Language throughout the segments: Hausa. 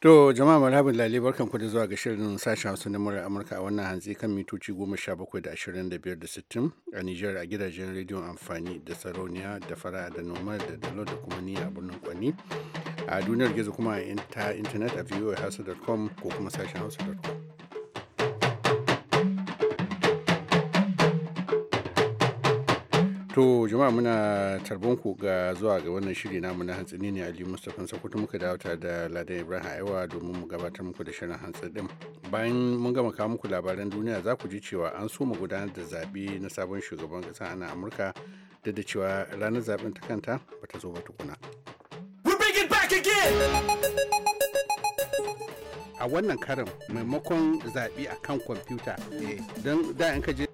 To jama'a marhaban lalle barkan ku da zuwa ga shirin sashen Hausa na murar Amurka a wannan hantsi kan mitoci goma sha 17 da 25 da sittin a Nijar a gidajen rediyon amfani da sarauniya da fara da noma da dalo da kuma ni a birnin Kwani. A duniyar gizo kuma a ta intanet a voahausa.com ko kuma sashen hausa.com. To jama'a muna ku ga zuwa ga wannan shiri namu na hantsini ne Ali Mustapha sakutu muka dawo da Ladan Ibrahim Aiwa domin mu gabatar muku da shirin hantsi din. Bayan mun gama kawo muku labaran duniya za ku ji cewa an so mu gudanar da zaɓe na sabon shugaban ƙasa ana Amurka da da cewa ranar zaɓen ta kanta ba ta zo ba tukuna. a wannan karin maimakon zaɓe a kan kwamfuta eh, don da in ka je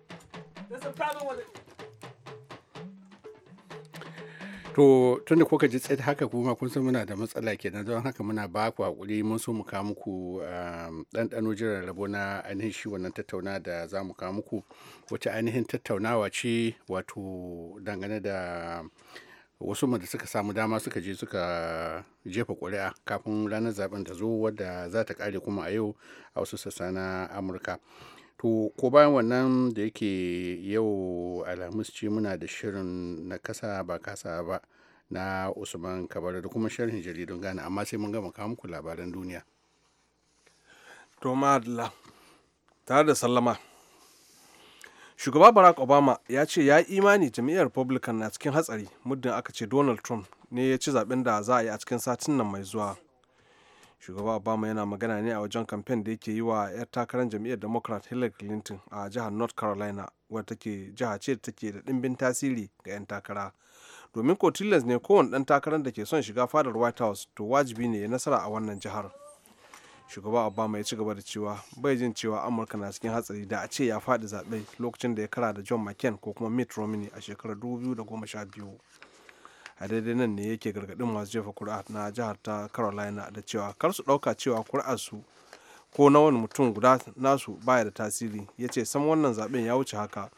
To tunda kuka ji tsaye haka kuma kun san muna da matsala kenan don haka muna ba ku hakuri mun so mu kawo muku um, ɗanɗano jiran rabo na ainihin shi wannan tattauna da za mu kawo muku wacce ainihin tattaunawa ce wato dangane da wasu da suka samu dama suka je suka jefa ƙuri'a kafin ranar zaben ta zo wadda za ta kare kuma a yau a wasu sassa na amurka to ko bayan wannan da yake yau alhamis ce muna da shirin na kasa ba kasa ba na usman kabar da kuma shirin jaridun ghana amma sai mun gama kawo muku labaran duniya to madalla tare da sallama shugaba barack obama ya ce ya imani jam'iyyar republican na cikin hatsari muddin aka ce donald trump ne ya ci zaɓen da za a yi a cikin satin nan mai zuwa shugaba obama yana magana ne a wajen kamfen da yake yi wa 'yar takarar jam'iyyar democrat hillary clinton a jihar north carolina wadda take jiha ce da take da ɗimbin tasiri ga 'yan takara domin ko ne kowane ɗan takarar da ke son shiga fadar white house to wajibi ne ya nasara a wannan jihar shugaba obama ya ci gaba da cewa bai jin cewa amurka na cikin hatsari da a ce ya faɗi zaɓe lokacin da ya kara da john mccain ko kuma mitt romney a shekarar 2012 a daidai nan ne yake gargaɗin masu jefa kuri'a na jihar ta carolina da cewa kar su ɗauka cewa kuri'arsu ko na wani mutum guda nasu baya da tasiri ya ce sam wannan zaben ya wuce haka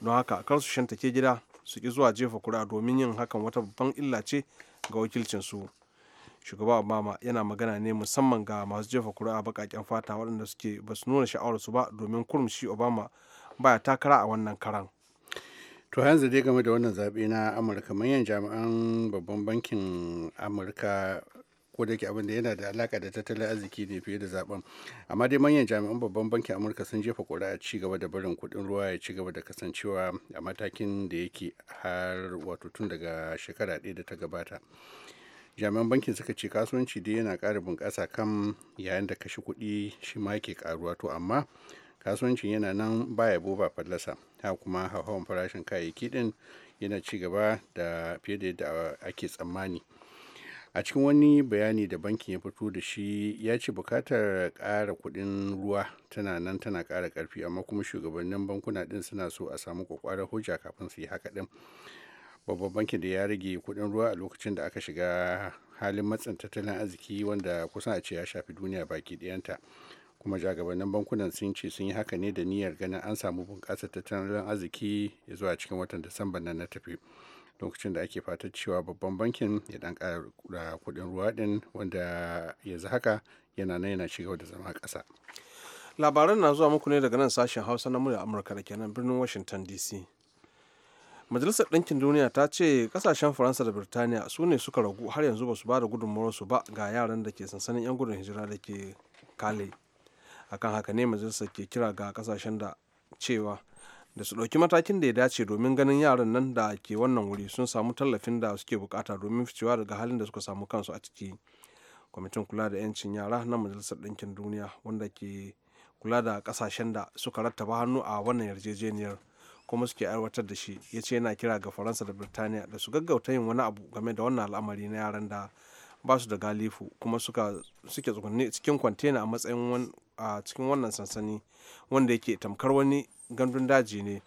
don haka kar su shantake gida su ki zuwa jefa kuri'a domin yin hakan wata babban illa ce ga su shugaba obama yana magana ne musamman ga masu jefa kuri'a bakaken fata waɗanda suke ba su nuna sha'awarsu ba domin kurumshi obama baya takara a wannan karan to yanzu dai game da wannan zaɓe na amurka manyan jami'an babban bankin amurka ko da ke abin da yana da alaka da tattalin arziki ne fiye da zaben amma dai manyan jami'an babban bankin amurka sun jefa kuri'a a cigaba da barin kuɗin ruwa ya cigaba da kasancewa a matakin da yake har wato tun daga shekara ɗaya da ta gabata jami'an bankin suka ce kasuwanci dai yana ƙara bunƙasa kan yayin da kashe kuɗi shi ma yake ƙaruwa to amma kasuwancin yana nan baya boba fallasa a kuma hauhawan farashin kayayyaki din yana ci gaba da fiye da yadda ake tsammani a cikin wani bayani da bankin ya fito da shi ya ce bukatar ƙara kuɗin ruwa tana nan tana ƙara ƙarfi amma kuma shugabannin bankuna ɗin suna so a samu kwakwarar hujja kafin su yi haka ɗin babban bankin da ya rage kuɗin ruwa a lokacin da aka shiga halin matsin tattalin arziki wanda kusan a ce ya shafi duniya baki ɗayanta kuma jagabannin bankunan sun ce sun yi haka ne da niyyar ganin an samu bunƙasa tattalin arziki ya zuwa cikin watan disamba nan na tafi lokacin da ake fatar cewa babban bankin ya dan ƙara kuɗin ruwa ɗin wanda yanzu haka yana nan yana ci da zama ƙasa labaran na zuwa muku ne daga nan sashen hausa na murya amurka da kenan birnin washington dc majalisar ɗinkin duniya ta ce kasashen faransa da birtaniya su ne suka ragu har yanzu ba su ba da gudunmawarsu ba ga yaran da ke sansanin 'yan gudun hijira da ke kale akan haka ne majalisar ke kira ga kasashen da cewa da su ɗauki matakin da ya dace domin ganin yaran nan da ke wannan wuri sun samu tallafin da suke bukata domin ficewa daga halin da suka samu kansu a ciki kwamitin kula da 'yancin yara na majalisar ɗinkin duniya wanda ke kula da kasashen da suka rattaba hannu a wannan yarjejeniyar kuma suke aiwatar da shi ya ce yana kira ga faransa da birtaniya da su gaggauta yin wani abu game da wannan al'amari na yaran da ba su da galifu kuma suke tsugunne cikin kwantena a matsayin a cikin wannan sansani wanda yake tamkar wani gandun daji ne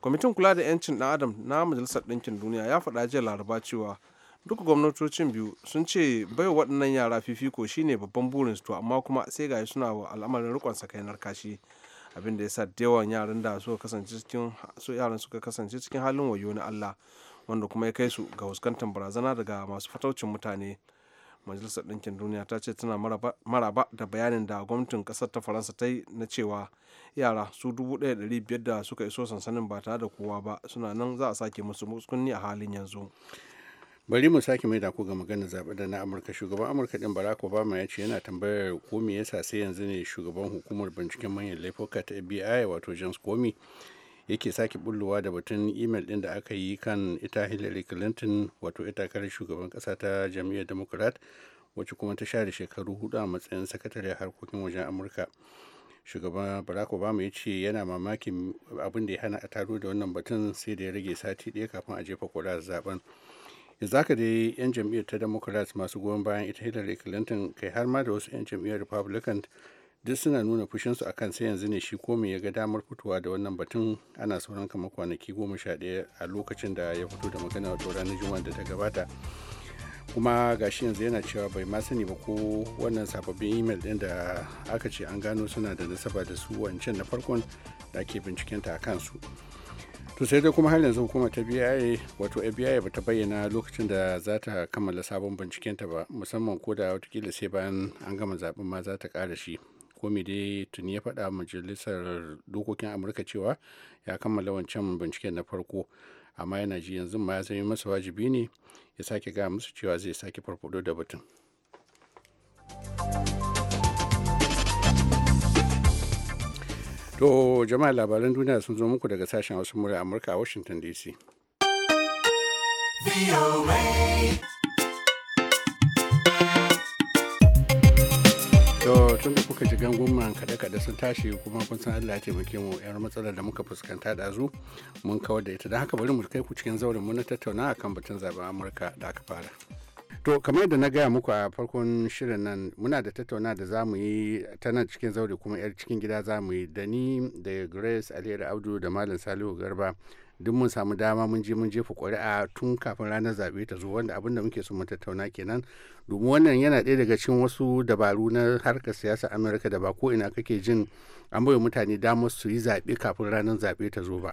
kwamitin kula da 'yancin dan adam na majalisar ɗinkin duniya ya faɗa jiya laraba cewa duka gwamnatocin biyu sun ce bai waɗannan yara fifiko shine babban burinsu to amma kuma sai ga suna wa al'amarin rikon sakainar kashi abin da ya sa yawan yaran da suka kasance cikin su yaran suka kasance cikin halin wayo na Allah wanda kuma ya kai su ga fuskantar barazana daga masu fataucin mutane majalisar ɗinkin duniya ta ce tana maraba da bayanin da gwamnatin ƙasar ta faransa ta yi na cewa yara su 1,500 da suka iso sansanin ba tare da kowa ba suna nan za a sake musu muskunni a halin yanzu bari mu sake mai dako ga maganar zaɓe da na amurka shugaban amurka ɗin barack obama ya ce yana tambayar ko me yasa sai yanzu ne shugaban hukumar binciken manyan laifuka ta fbi wato james comey yake sake bullowa da batun imel din da aka yi kan ita hillary clinton wato ita kare shugaban kasa ta jam'iyyar democrat wacce kuma ta share shekaru hudu a matsayin sakatare harkokin wajen amurka shugaban barack obama ya ce yana mamakin abin da ya hana a taro da wannan batun sai da ya rage sati ɗaya kafin a jefa kuri'ar zaben yanzu haka dai 'yan jam'iyyar ta democrat masu goyon bayan ita hillary clinton kai har ma da wasu 'yan jam'iyyar republican duk suna nuna fushinsu a kan sai yanzu ne shi ko komi ya ga damar fitowa da wannan batun ana sauran kamar kwanaki goma sha ɗaya a lokacin da ya fito da magana a ranar juma'a da ta gabata kuma gashi yanzu yana cewa bai ma sani ba ko wannan sababbin imel din da aka ce an gano suna da nasaba da su wancan na farkon da ake bincikenta a kansu to sai dai kuma har yanzu hukumar ta biya wato fbi ba ta bayyana lokacin da za ta kammala sabon bincikenta ba musamman ko da watakila sai bayan an gama zaɓen ma za ta ƙara shi komi dai tuni ya faɗa majalisar dokokin amurka cewa ya kammala wancan binciken na farko amma yana ji yanzu ma ya zama masa wajibi ne ya sake gaya musu cewa zai sake farfado da batun to jama'a labaran duniya sun zo muku daga sashen wasu murya amurka a washington dc to tun da kuka ji gangunman kaɗe-kaɗe sun tashi kuma kun san allah ya taimake mu yar matsalar da muka fuskanta da zu mun kawar da ita don haka bari mu kai ku cikin zaurin mu na tattauna akan batun zaɓen amurka da aka fara to kamar yadda na gaya muku a farkon shirin nan muna da tattauna da za mu yi ta nan cikin zaure kuma yar cikin gida za mu yi da ni da grace alheri abdu da malam salihu garba duk mun samu dama mun je mun jefa ƙuri'a tun kafin ranar zaɓe ta zo wanda abin da muke so mu tattauna kenan domin wannan yana ɗaya daga cikin wasu dabaru na harkar siyasa amurka da ba ko ina kake jin an bai mutane damar su yi zaɓe kafin ranar zaɓe ta zo ba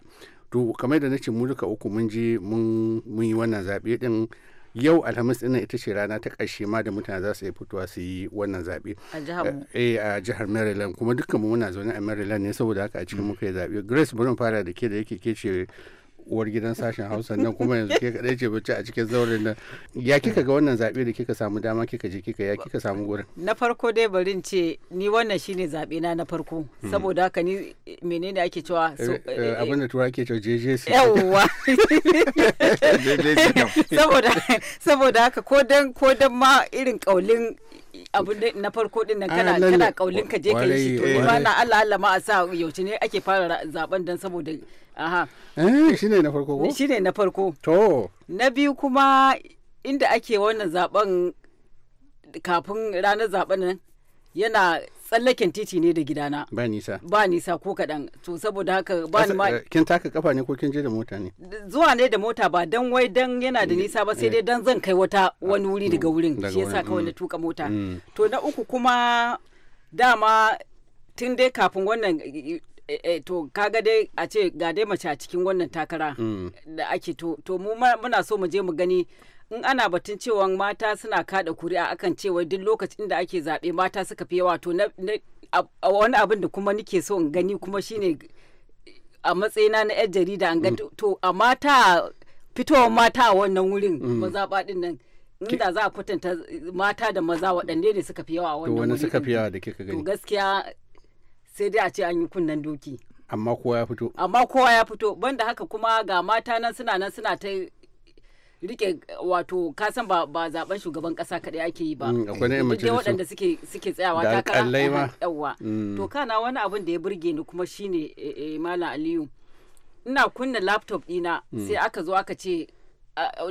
to kamar da na ce mu duka uku mun je mun yi wannan zaɓe din yau alhamis ɗin ita ce rana ta ƙarshe ma da mutane za su iya fitowa su yi wannan zaɓe a jihar eh, eh, maryland kuma dukkan mu muna zaune a maryland ne saboda haka a cikin mm. muka yi zaɓe grace Brown fara da ke da yake ke ce uwar gidan sashen hausa nan kuma yanzu ke kaɗai ce bacci a cikin zauren nan ya kika ga wannan zaɓe da kika samu dama kika je kika ya kika samu wurin na farko dai barin ce ni wannan shine zaɓe na na farko hmm. saboda haka ni menene ake cewa eh, eh, eh, abin da tura ke cewa su yawwa saboda haka ko dan ko dan ma irin kaulin abu na farko din nan ah, kana kana kaulin ka je ka yi shi to ba na Allah Allah ma a sa yaushe ne ake fara zaben dan saboda aha eh shine na farko ko shine na farko to na biyu kuma inda ake wannan zaben kafin ranar zaben nan yana tsallaken titi ne da gidana ba nisa ba nisa ko kaɗan to saboda haka ba ni ma eh, kin taka kafa ne ko kin je da mota ne zuwa ne da mota ba dan wai dan yana da nisa ba sai eh. dai dan zan kai wata wani wuri daga mm, wurin shi yasa kawai na mm, tuka mota mm. to na uku kuma dama tun dai kafin wannan eh, to kaga dai a ce ga dai mace a cikin wannan takara da ake to, to mu muna so mu je mu gani in ana batun cewa mata suna kada kuri'a akan cewa duk lokacin da ake zaɓe mata suka fi yawa to wani abin da kuma nike so in gani kuma shine a matsayina na 'yan jarida an gani mm. to a mata fitowar mata a wannan wurin mm. mazaɓa din nan da za a kwatanta mata da maza waɗanne ne suka fi yawa a wannan wurin suka fi yawa da kika gani to gaskiya sai dai a ce an yi kunnen doki amma kowa ya fito amma kowa ya fito banda haka kuma ga mata nan suna nan suna ta rike wato ka san ba ba zaben shugaban kasa kadai ake yi ba mm, akwai ne na da waɗanda suke suke tsayawa ta kara yawa to kana wani abin da ya burge ni kuma shine eh, eh, malam Aliyu ina kunna laptop dina mm. sai aka zo aka ce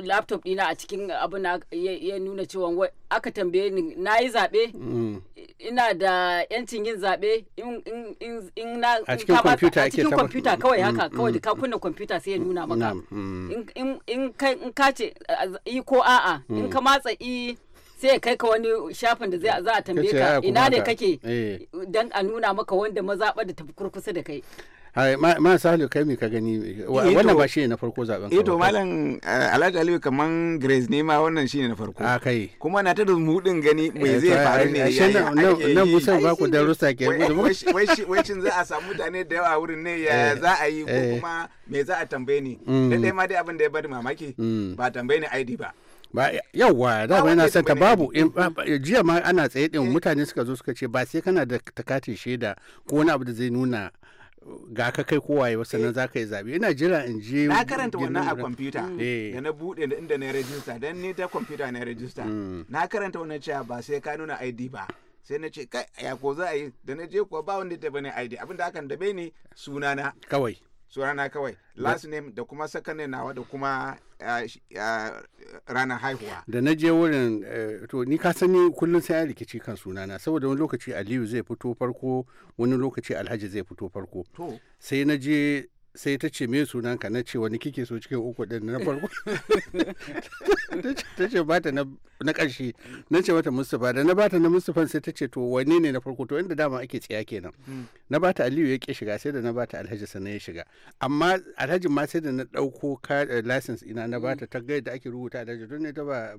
laptop dina a cikin abu na ya nuna cewa aka tambaye ni na yi zaɓe mm. ina da yancin yin zaɓe in na a cikin kwamfuta a cikin kwamfuta kawai mm, haka kawai da mm. ka kunna kwamfuta sai ya nuna maka in ka ce i ko a'a in ka matsa i sai kai ka wani shafin da za a tambaye ka ina ne kake eh. dan a nuna maka wanda mazaɓa da tafi kurkusa da kai ma salu kai mi ka gani wannan ba shine na farko zaben ka to malam eh, alhaji aliyu kaman grace ne ma wannan shine na farko a kai kuma na ta da mudin gani me eh, zai faru ne yayi nan musa ba ku darussa ke wai shin za a samu mutane da yawa wurin ne ya eh, za a yi ko kuma me za a tambaye ni dai mm. ma dai abin da ya bari mamaki mm. ba tambaye ni ID ba ba yauwa da ba yana son ta babu jiya ma ana tsaye din mutane suka zo suka ce ba sai kana da takatin shaida ko wani abu da zai nuna ga ka kai kowaye wasu nan eh. za ka yi zaɓe ina jira in je na karanta wannan a kwamfuta mm. eh. da na buɗe da inda na rajista don ni ta kwamfuta na rajista mm. na karanta wannan cewa ba sai ka nuna id ba sai na ce kai ya ko za a yi da na je kuwa ba wanda ta bane id abin da da dabe ne sunana kawai sunana kawai last name da kuma second name nawa da kuma ranar haihuwa da na je wurin eh, to ni ka sani kullum sai ya rikici kan sunana saboda wani lokaci aliyu zai fito farko wani lokaci alhaji zai fito farko sai na je sai ta ce me sunanka na ce wani kike so cikin uku din na farko ta ce bata na ƙarshe na ce mata mustapha da na bata na mustapha sai ta ce to wani ne na farko to inda dama ake tsaya kenan hmm. na bata aliyu ya ke shiga sai da na bata alhaji sannan ya shiga amma alhaji ma sai da na ɗauko eh, license ina na bata ta hmm. gaida ake rubuta alhaji don ne ta ba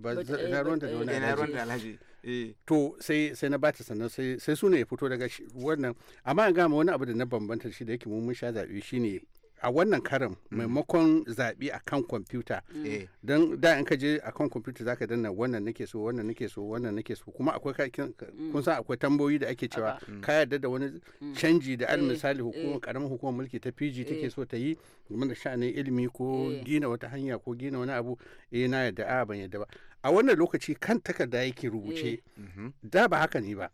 na ruwanta da wani alhaji eh. to sai sai na bata sannan sai suna ya fito daga wannan amma an gama wani abu da na bambanta shi da yake mun sha zaɓe shine a wannan karin mm. maimakon zaɓe a kan kwamfuta mm. eh. don da in ka je a kan kwamfuta za ka danna wannan nake so wannan nake so wannan nake so kuma akwai mm. kun san akwai tambayoyi da ake cewa ka yarda da wani canji da al eh. misali hukumar karamar eh. hukumar mulki ta fiji take so ta yi game da sha'anin ilimi ko gina wata hanya ko gina wani abu eh na yarda a ban yarda ba a wannan lokaci kan takarda yake rubuce mm-hmm. da ba haka ne ba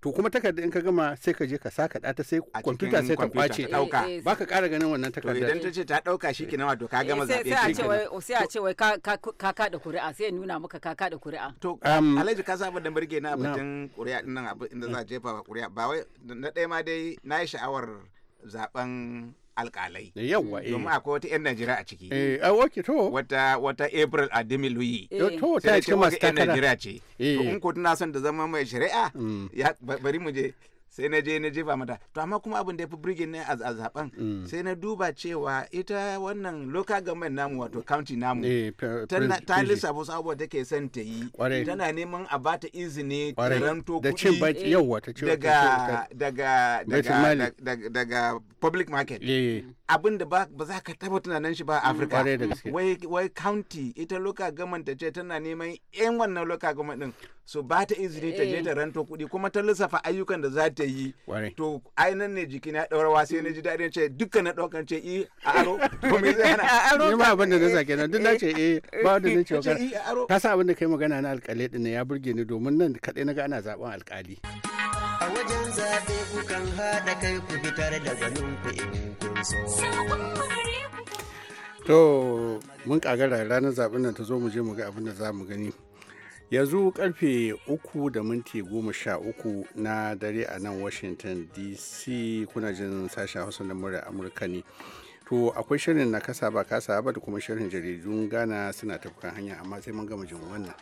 to kuma takarda in ka gama sai ka je ka saka ɗata sai kwamfuta sai ta kwace eh, eh, eh. ba ka ƙara ganin wannan takarda idan ta ce ta ɗauka shi kenan wato ka gama zaɓe sai a ce wai sai a ce wai ka kaɗa kuri'a sai nuna maka ka kaɗa kuri'a to um, alhaji ka saba da birge na batun kuri'a ɗin nan inda za a jefa kuri'a ba wai na ɗaya ma dai na yi sha'awar zaben alkalai. Yawwa eh. Domin akwai wata 'yan Najeriya a ciki. Eh, a ah, wake to. Wata wata April a Demi Louis. Eh. To ta ce masu takara. Sai ce wata 'yan Najeriya ce. Eh. To in ko tana son da zama mai shari'a. Mm. Ya bari mu je. sai na je na jefa mata to amma kuma abin da ya fi birgin ne a zaben mm. sai na duba cewa ita wannan local government namu wato county namu eh, ta lissafo sabuwa da ke son ta yi tana neman a ba ta izini taranto kudi daga daga public market eh. abin da ba za ka taba tunanin shi ba a mm, afirka wai county ita local government ta ce tana neman yan wannan local government din su ba ta izini ta je eh. ta ranto kudi kuma ta lissafa ayyukan da za ta yi to ai nan ne jiki na daurawa sai na ji daɗin ce dukkan na ɗaukan ce i eh, a aro to me zai hana ni ma abin da na sake nan duk na ce eh ba da na cewa eh, ka sa abin da kai magana na alƙali din ya burge ni domin nan kaɗai na ga ana zaben alƙali a wajen zaɓe kukan haɗa kai ku fitar da ganin ku in kun so to mun kagara ranar zaɓen nan ta zo mu je mu ga abin da za mu gani yanzu karfe uku da minti goma sha uku na dare a nan washington dc kuna jin sashen hausa na murar amurka ne to akwai shirin na kasa ba kasa ba da kuma shirin jaridun ghana suna tafukan hanya amma sai mun gama jin wannan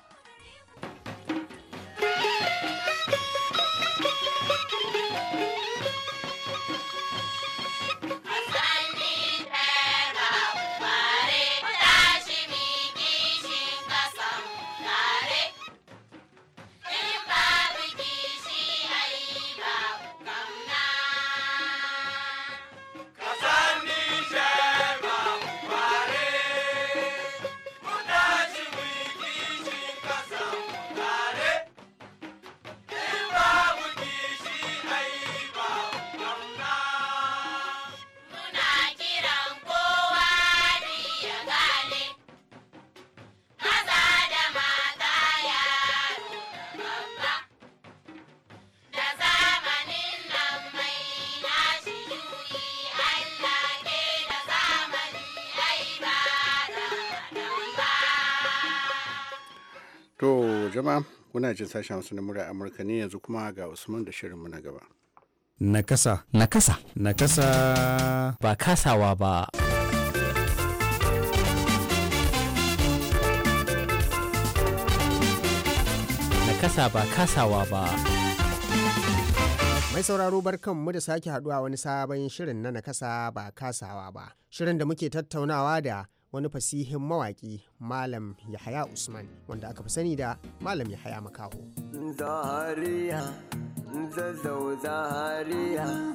Muna jin sashen wasu na murya amurka ne yanzu kuma ga usman da shirinmu na gaba nakasa nakasa nakasa ba kasawa ba nakasa ba kasawa ba Mai sauraro barkanmu da sake haduwa wani sabon shirin na nakasa ba kasawa ba. Shirin da muke tattaunawa da wani fasihin mawaƙi Malam Yahaya Usman wanda aka fi sani da Malam Yahaya Makaho. Zahariya, zazzau Zahariya,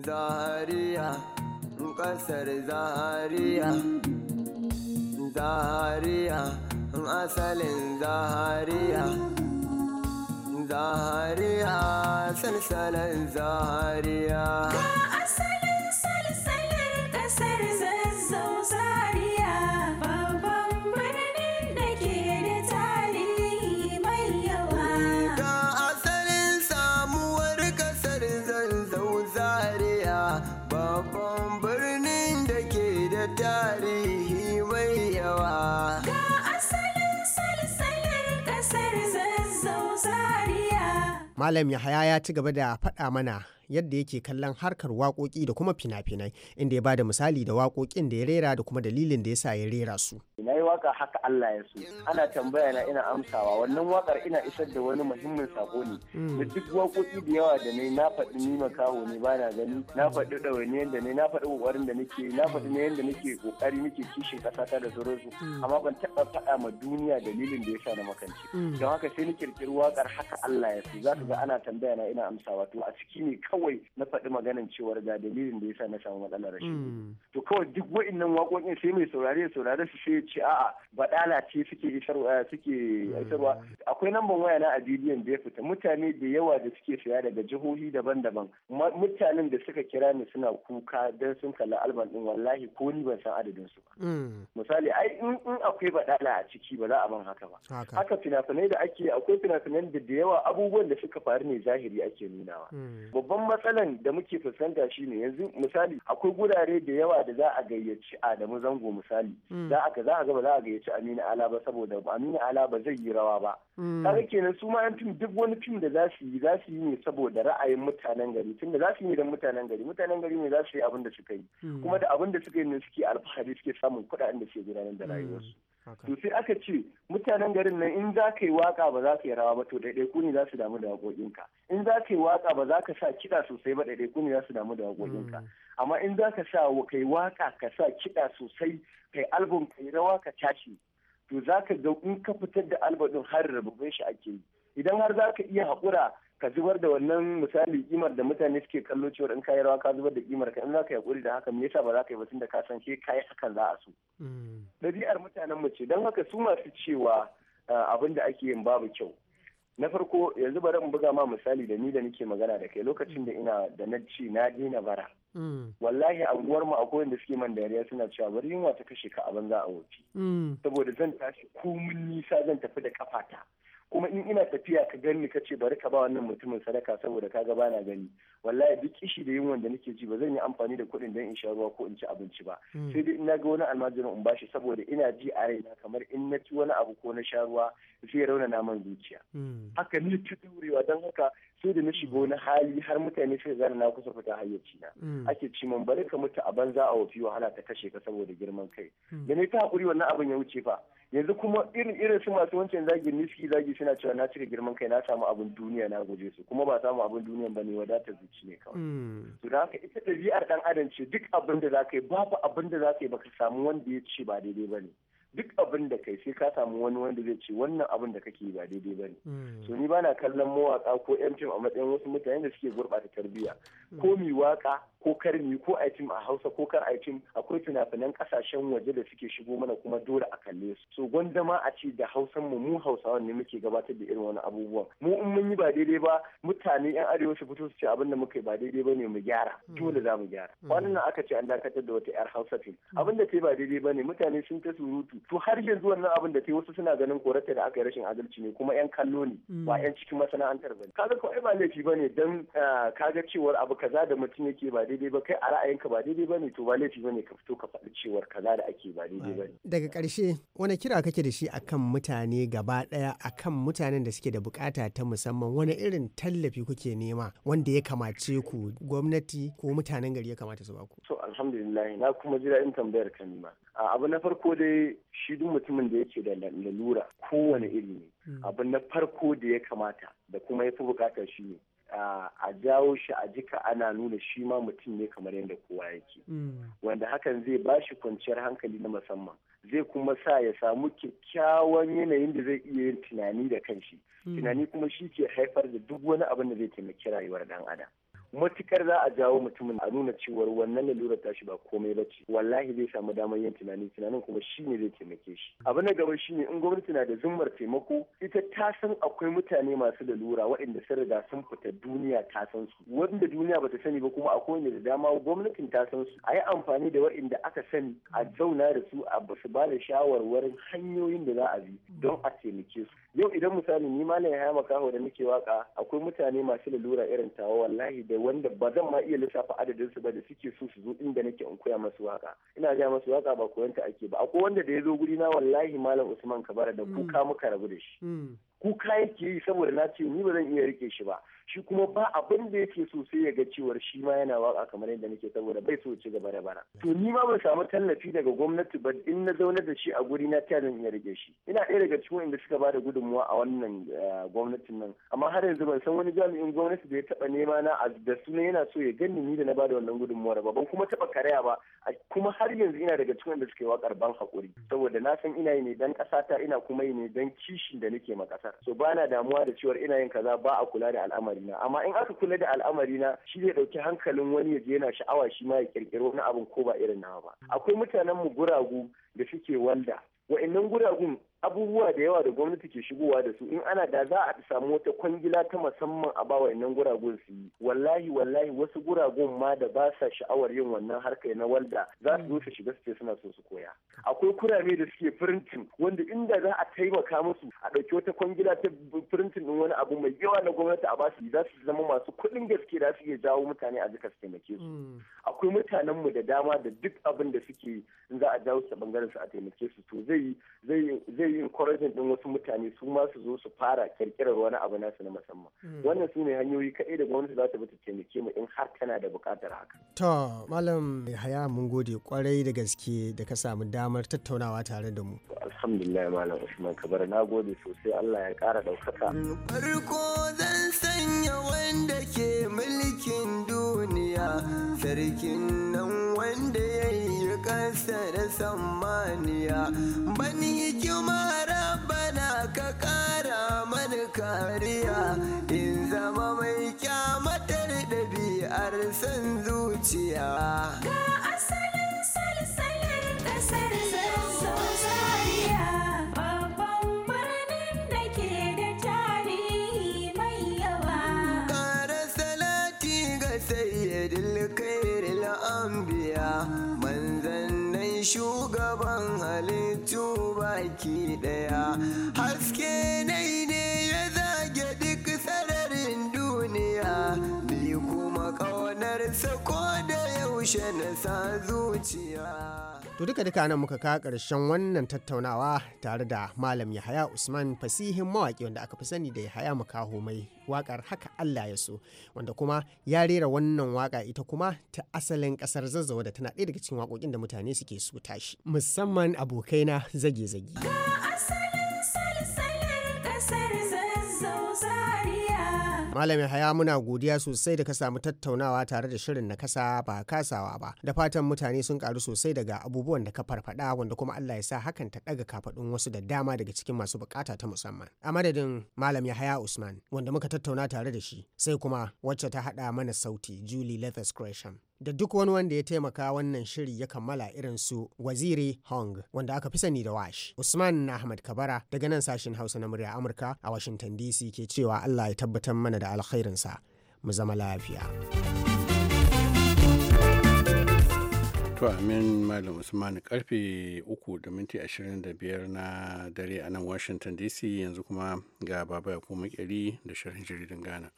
Zahariya, ƙasar Zahariya, Zahariya, asalin Zahariya. Zahariya, salsalan Zahariya. Malam Yahaya ya ci gaba da faɗa mana yadda yake kallon harkar wakoki da kuma fina-finai inda ya bada misali da wakokin da ya rera da kuma dalilin da ya sa ya rera su. Na yi waka haka Allah ya so ana tambaya na ina amsawa wannan wakar ina isar da wani muhimmin sako ne da mm. duk waƙoƙi da yawa da nai na faɗi ni kawo ne ba na gani na faɗi ɗawainiyar da ne na faɗi ƙoƙarin da nake na faɗi ne yadda nake ƙoƙari nake kishin ƙasata da sauransu mm. amma ban taɓa faɗa ma duniya dalilin da ya sa na makance mm. don haka sai ni kirkiri wakar haka Allah ya so za ka ga ana tambaya na ina amsawa to a ciki ne kawai na faɗi maganin cewar ga dalilin da yasa na samu matsalar rashin mm. to kawai duk wa'innan waƙoƙin sai mai saurare saurare su sai ya ce a'a baɗala ce suke suke mm. isarwa akwai namban waya na a bidiyon da ya fita mutane da yawa da suke saya daga jihohi daban-daban mutanen da suka kira ni suna kuka don sun kalli alban din wallahi ko ni ban san adadin su ba mm. misali ai in akwai baɗala a ciki ba za a ban haka ba haka fina-finai da ake akwai fina-finan da da yawa abubuwan da suka faru ne zahiri ake nunawa babban matsalan da muke fuskanta shi ne yanzu misali akwai gurare da yawa da za a gayyaci Adamu Zango misali mm. za a za a gaba za a gayyaci Aminu Ala ba saboda amina Ala ba zai yi rawa ba mm. kaga kenan su ma fim duk wani fim da za su yi za su yi ne saboda ra'ayin mutanen gari tunda za su yi don mutanen gari mutanen gari ne za su yi abin da suka yi mm. kuma da abin da suka yi ne suke alfahari suke samun kuɗaɗen da suke gudanar da rayuwarsu to sai aka ce mutanen garin nan in za ka yi waka ba za ka yi rawa ba to ɗaiɗaiku ne za su damu da waƙoƙinka in za ka yi waka ba za ka sa kiɗa sosai ba ɗaiɗaiku ne za su damu da waƙoƙinka mm. amma in za ka sa kai waka ka sa kiɗa sosai kai album kai rawa ka tashi to za ka ga in ka fitar da album har rububin shi ake yi idan har za ka iya haƙura ka zubar da wannan misali kimar da mutane suke kallo cewa in kayi rawa ka zubar da kimar ka in za ka yi hakuri da haka me yasa ba za ka yi ba tunda ka san ke kayi hakan za a so mm. ɗabi'ar mutanen mu ce don haka su masu cewa abin da ake yin babu kyau na farko yanzu bari in buga ma misali da ni da nake magana da kai lokacin da ina da na ci na daina bara mm. wallahi anguwar mu akwai wanda suke man dariya suna cewa bari yunwa ta kashe ka a banza a wuce. Mm. saboda zan tashi komun nisa zan tafi da kafata kuma in ina tafiya ka gani ka ce bari ka ba wannan mutumin sadaka saboda ka gaba na gani wallahi duk kishi da yunwan da nake ji ba zan yi amfani da kuɗin don in sha ruwa ko in ci abinci ba hmm. sai dai ina ga wani almajirin in bashi saboda ina ji a raina kamar in na ci wani abu ko na sha ruwa zai raunana man zuciya hmm. haka ni ta daurewa don haka sai da na shiga wani hali har mutane suka zana na kusa fita hayyaci na mm. ake ci man bari ka mutu a banza a wafi wahala ta kashe ka saboda girman kai mm. da ne ta hakuri wannan abin ya wuce fa yanzu kuma irin irin su masu wancan zagi niski zagi suna cewa na cika girman kai na samu abin duniya na guje su kuma ba samu abin duniya ba ne wadatar zuci ne kawai mm. to da haka ita ɗabi'ar dan adam ce duk abin da za ka yi babu abin da za ka yi baka samu wanda ya ce ba daidai ba ne duk abin da kai sai ka samu wani wanda zai ce wannan abin da kake ba daidai ba ne so hmm. ni bana kallon mawaka ko yan fim a matsayin wasu mutane da suke gurɓata tarbiyya hmm. ko mi waka ko karmi ko a a hausa ko kar a akwai fina-finan kasashen waje da suke shigo mana kuma dole a kalle su so gwandama ma a ce da hausan mu mu hausawan ne muke gabatar da irin wani abubuwan mu in mun yi ba daidai ba mutane yan arewa su fito su ce abin da muka yi ba daidai ba ne mu gyara hmm. dole za mu gyara Wannan aka ce an dakatar da wata yar hausa fim abin da ta yi ba daidai ba ne mutane sun ta surutu to har yanzu wannan abin da ta wasu suna ganin korata da aka yi rashin adalci ne kuma yan kallo ne mm. ba yan cikin masana'antar ba kaga ko ai ba laifi bane dan eh, kaga cewar abu kaza da mutum yake ba daidai ba kai a ra'ayinka ba daidai bane to ba laifi bane ka fito ka faɗi cewar kaza da ake ba daidai bane daga ƙarshe wani kira kake da shi akan mutane gaba ɗaya akan mutanen da suke da bukata ta musamman wani irin tallafi kuke nema wanda ya kamace ku gwamnati ko mutanen gari ya kamata su ba ku to alhamdulillah na kuma jira in tambayar ka nima ah, abu na farko dai shi duk mutumin da yake da lalura kowane iri ne hmm. abu na farko da ya kamata da kuma ya fi bukatar shi ne a jawo shi a jika ana nuna shi ma mutum ne kamar yadda kowa yake hmm. wanda hakan zai ba shi kwanciyar hankali na musamman zai kuma sa ya samu kyakkyawan yanayin da zai iya yin tunani da kanshi hmm. tunani kuma shi ke haifar da duk wani abin da zai taimaki rayuwar dan adam matukar za a jawo mutumin a nuna cewar wannan ta shi ba komai ba ce wallahi zai samu damar yin tunani tunanin kuma shi ne zai taimake shi abu na gaba shine in gwamnati na da zummar taimako ita ta san akwai mutane masu lalura waɗanda sun riga sun fita duniya ta san su wanda duniya bata sani ba kuma akwai ne da dama gwamnatin ta san su a yi amfani da waɗanda aka sani a zauna da su a basu ba da shawarwarin hanyoyin da za a bi don a taimake su yau idan misali ni malam ya haya makaho da nake waka akwai mutane masu lalura irin tawa wallahi da wanda ba zan ma iya lissafa adadin su ba da suke so su zo inda nake in koya masu waka ina ga masu waka ba koyanta ake ba akwai wanda da ya zo guri na wallahi malam Usman Kabara da mm. kuka muka rabu da shi mm. kuka yake yi saboda na ce ni ba zan iya rike shi ba shi kuma ba abin da yake so sai ya ga cewar shi ma yana waka kamar yadda nake saboda bai so ci gaba da bara to ni ma ban samu tallafi daga gwamnati ba in na zaune da shi a guri na ta zan iya rike shi ina ɗaya daga cikin inda suka bada gudunmuwa a wannan eh, gwamnatin nan amma har yanzu ban san wani jami'in gwamnati da ya taba nema na a da suna yana so ya gani ni da na bada wannan gudunmuwar ba ban kuma taba karaya ba kuma har yanzu ina daga cikin inda suka yi wakar ban hakuri saboda na san ina yi ne dan kasata ina kuma yi ne dan kishin da nake ma ƙasa kasar so ba na damuwa da cewar ina yin kaza ba a kula da al'amarina. amma in aka kula da al'amarina shi zai dauki hankalin wani ya je yana sha'awa shi ma ya kirkiro wani abin ko ba irin nawa ba akwai mutanen mu guragu da suke walda wa'annan guragun abubuwa da yawa da gwamnati ke shigowa da su in ana da za a samu wata kwangila ta musamman a bawa nan guragun su yi wallahi wallahi wasu guragun ma da ba sa sha'awar yin wannan harkar na walda za su zo su shiga su suna so su koya akwai kurame da suke firintin wanda inda za a taimaka musu a ɗauki wata kwangila ta firintin din wani abu mai yawa na gwamnati a basu za su zama masu kuɗin gaske da su iya jawo mutane a jika su taimake su mm. akwai mutanen mu da dama da duk abin da suke za a jawo su bangaren su a taimake su to zai zai zai yi din wasu mutane su ma su zo su fara kirkirar wani abu nasu na musamman hmm. wannan su ne hanyoyi kaɗai da gwamnati za ta bi ta taimake mu in har tana da buƙatar haka to malam haya mun gode kwarai da gaske da ka samu damar tattaunawa tare da mu alhamdulillah malam usman kabar na gode sosai allah ya kara ɗaukaka farko zan sanya wanda ke mulkin duniya sarkin nan wanda ya yi ƙasa da sammaniya ban hikima rabbana ka ƙara mani kariya in zama mai kyamatar ɗabi'ar san zuciya ga asalin salsalar ƙasar shugaban halittu baki daya haske nai ne ya zage duk sararin duniya ni kuma ƙaunarsa ko da yaushe na sa zuciya To duka duka nan muka ka ƙarshen wannan tattaunawa tare da Malam Yahaya Usman fasihin mawaƙi wanda aka fi sani da Yahaya Makaho mai waƙar haka Allah ya so wanda kuma ya rera wannan waƙa ita kuma ta asalin ƙasar zazzawa da tana ɗaya daga cikin waƙoƙin da mutane suke so tashi musamman abokaina zage-zage. malamin Haya muna godiya sosai da ka samu tattaunawa tare da shirin na kasa ba kasawa ba. Da fatan mutane sun karu sosai daga abubuwan da ka farfada wanda kuma Allah ya sa hakan ta daga kafadun wasu da dama daga cikin masu bukata ta musamman. A madadin Malam haya Usman wanda muka tattauna tare da shi sai kuma wacce ta hada mana sauti Julie Leathers da duk wani wanda ya taimaka wannan shiri ya kammala irin su waziri hong wanda aka fi sani da wash usman na ahmad kabara daga nan sashen hausa na murya amurka a washington dc ke cewa allah ya tabbatar mana da alkhairinsa mu zama lafiya to amin malam usman karfe uku da minti biyar na dare a nan washington dc yanzu kuma ga baba ya kuma da sharhin jaridan ghana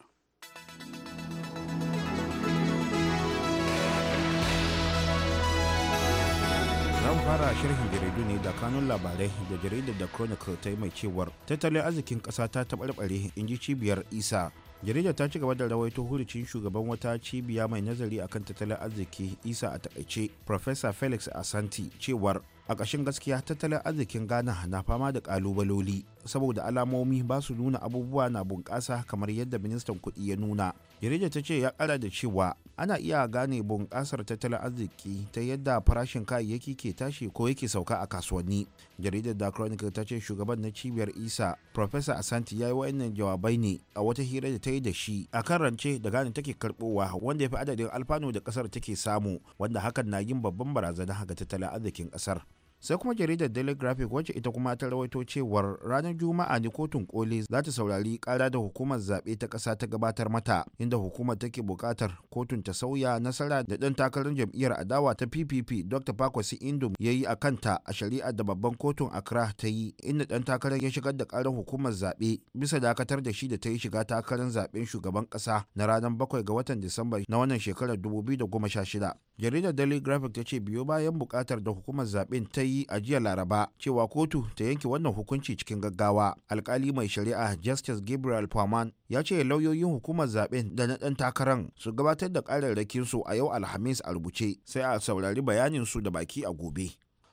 an fara sharhin jaridu ne da kanun labarai da jaridar da chronicle ta yi mai cewar tattalin arzikin kasa ta taɓarɓare in ji cibiyar isa e jaridar ta ci gaba da rawaito hurucin shugaban wata cibiya mai nazari akan tattalin arziki isa e a takaice professor felix asanti cewar a ƙashin gaskiya tattalin arzikin ghana na fama da ƙalubaloli saboda alamomi ba su nuna abubuwa na bunƙasa kamar yadda ministan kuɗi ya nuna yarija ta ce ya kara da cewa ana iya gane bunƙasar tattalin arziki ta yadda farashin kayayyaki ke tashi ko yake sauka a kasuwanni jaridar da chronicle ta ce shugaban na cibiyar isa professor asanti ya yi wa'annan jawabai ne a wata hira da ta yi da shi a kan rance da gane take karɓowa wanda ya fi adadin alfanu da ƙasar take samu wanda hakan na yin babban barazana ga tattalin arzikin ƙasar. sai kuma jaridar daily graphic wacce ita kuma ta rawaito cewar ranar juma'a ne kotun koli za ta saurari kara da hukumar zaɓe ta ƙasa ta gabatar mata inda hukumar take bukatar kotun ta sauya nasara da ɗan takarar jam'iyyar adawa ta ppp dr pakwasi indom ya yi a kanta a shari'ar da babban kotun accra ta yi inda ɗan takarar ya shigar da ƙarar hukumar zaɓe bisa dakatar da shi da ta yi shiga takarar zaɓen shugaban ƙasa na ranar bakwai ga watan disamba na wannan shekarar dubu biyu da goma sha shida jaridar daily graphic ta ce biyo bayan bukatar da hukumar zaben ta yi a jiya laraba cewa kotu ta yanke wannan hukunci cikin gaggawa alkali mai shari'a justice gabriel paman ya ce lauyoyin hukumar zaben da na dan takaran su gabatar da kararrakin su a yau alhamis a rubuce sai a saurari bayanin su da baki a gobe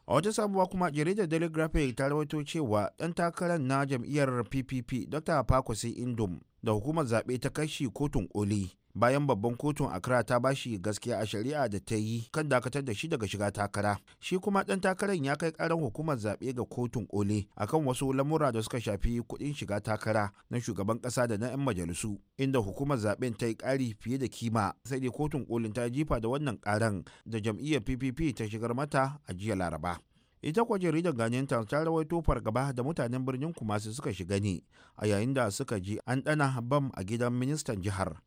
a wata sabuwa kuma jaridar daily graphic ta rawaito cewa dan takaran na jam'iyyar ppp dr fakwasi indom da hukumar zaɓe ta kashi kotun koli bayan babban kotun Accra ta bashi gaskiya a shari'a da ta yi kan dakatar da shi daga shiga takara. Shi kuma ɗan takarar ya kai karan hukumar zaɓe ga kotun kole akan wasu lamura da suka shafi kuɗin shiga takara na shugaban ƙasa da na 'yan majalisu inda hukumar zaɓen ta yi ƙari fiye da kima sai dai kotun kolin ta jifa da wannan ƙaran da jam'iyyar PPP ta shigar mata a jiya Laraba. ita kwa jaridar ganin ta ta rawaito fargaba da mutanen birnin kumasi suka shiga ne a yayin da suka ji an ɗana bam a gidan ministan jihar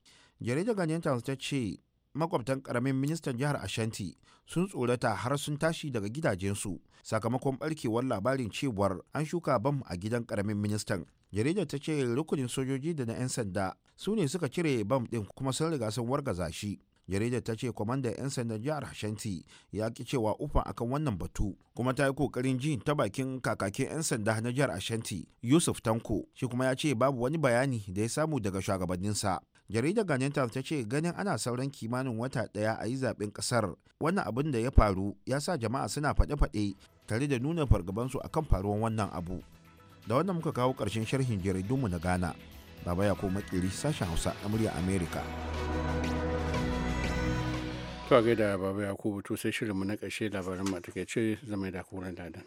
jaridar ganyen times ta ce makwabtan karamin ministan jihar ashanti sun tsorata har sun tashi daga gidajensu sakamakon barkewar labarin cewar an shuka bam a gidan karamin ministan jaridar ta ce rukunin sojoji da na 'yan sanda su ne suka cire bam din kuma sun riga sun wargaza shi jaridar ta ce kwamandan 'yan sandan jihar ashanti ya ki cewa ufa akan wannan batu kuma ta yi kokarin ji ta bakin kakakin 'yan sanda na jihar ashanti yusuf tanko shi kuma ya ce babu wani bayani da ya samu daga shugabanninsa jaridar Ghanaian Times ta ce ganin ana sauran kimanin wata daya a yi zaben kasar wannan abin da ya faru ya sa jama'a suna faɗe-faɗe tare da nuna fargabansu akan faruwan wannan abu da wannan muka kawo karshen sharhin jaridunmu na Ghana Baba ya koma makiri sashen Hausa na murya Amerika. To a gaida Baba Yakubu sai shirinmu na ƙarshe labarin matakaice zama da kuren dadan.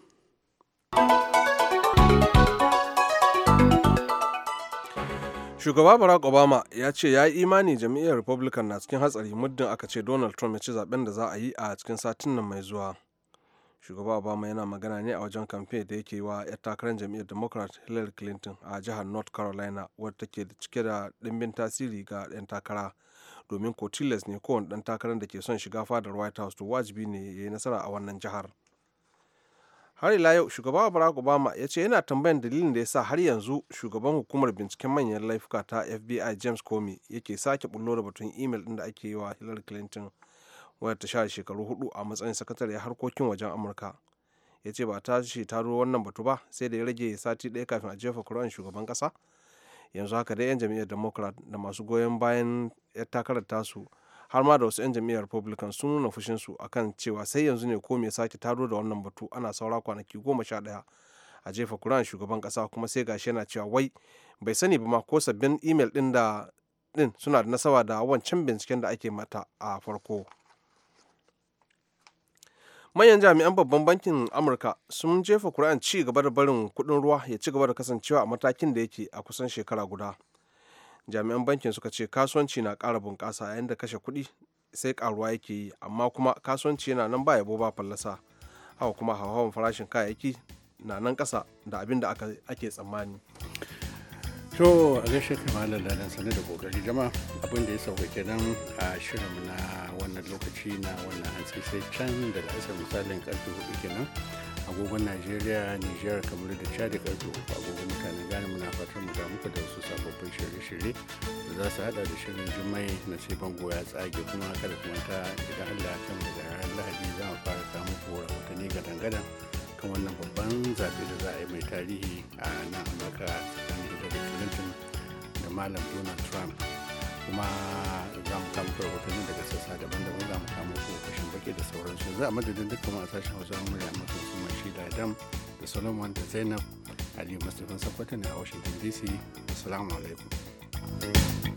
shugaba barack obama ya ce ya yi imani jam'iyyar republican na cikin hatsari muddin aka ce donald trump ya ci zaben da za a yi a cikin satin nan mai zuwa shugaba obama yana magana ne a wajen kamfe da yake wa 'yar takarar jam'iyyar democrat hillary clinton a jihar north carolina wadda take cike da ɗimbin tasiri ga 'yan takara domin ko tilas ne kowane ɗan takarar da ke son shiga fadar white house to wajibi ne ya yi nasara a wannan jihar har ila yau shugaba barack obama ya ce yana tambayan dalilin da ya sa har yanzu shugaban hukumar binciken manyan laifuka ta fbi james comey yake sake bullo da batun imel din da ake yi wa hillary clinton wadda ta share shekaru hudu a matsayin sakatare harkokin wajen amurka ya ce ba ta shi taro wannan batu ba sai da ya rage sati daya kafin a jefa kuri'an shugaban kasa yanzu haka dai 'yan jam'iyyar democrat da masu goyon bayan 'yar takarar tasu har ma da wasu 'yan jam'iyyar republican sun nuna fushinsu kan cewa sai yanzu ne ko ya sake taro da wannan batu ana saura kwanaki goma sha ɗaya a jefa kuran shugaban kasa kuma sai gashi yana cewa wai bai sani ba ma ko sabbin imel din da ɗin suna da nasawa da wancan binciken da ake mata a farko manyan jami'an babban bankin amurka sun jefa kuran ci gaba da barin kuɗin ruwa ya ci gaba da kasancewa a matakin da yake a kusan shekara guda jami'an bankin suka ce kasuwanci na ƙara bunƙasa yayin da kashe kuɗi sai ƙaruwa yake yi amma kuma kasuwanci yana nan ba yabo ba fallasa hawa kuma hauhawan farashin kayayyaki na nan ƙasa da abin da ake tsammani to a gaishe kamalar lalan sani da kokari jama'a abin da ya sauka kenan a shirin na wannan lokaci na wannan hantsi sai can da la'asar misalin karfe hudu kenan agogon najeriya nijar kamar da chad karfe uku agogon mutane ghana muna fatan mu da muka da wasu sababbin shirye-shirye da za su hada da shirin jumai na sai bango ya tsage kuma kada kuma ta idan allah kan mu da ranar lahadi za mu fara samun kowar watanni gadan-gadan kan wannan babban zaɓe da za a yi mai tarihi a nan amurka tsakanin hillary da malam donald trump kuma za mu kamu hotunan daga sassa daban-daban za mu kamu kashin baki da sauransu za a madadin kuma a sashen hausa murya masu su mai shi da adam da solomon da zainab ali mustapha sakwata ne a washington dc assalamu alaikum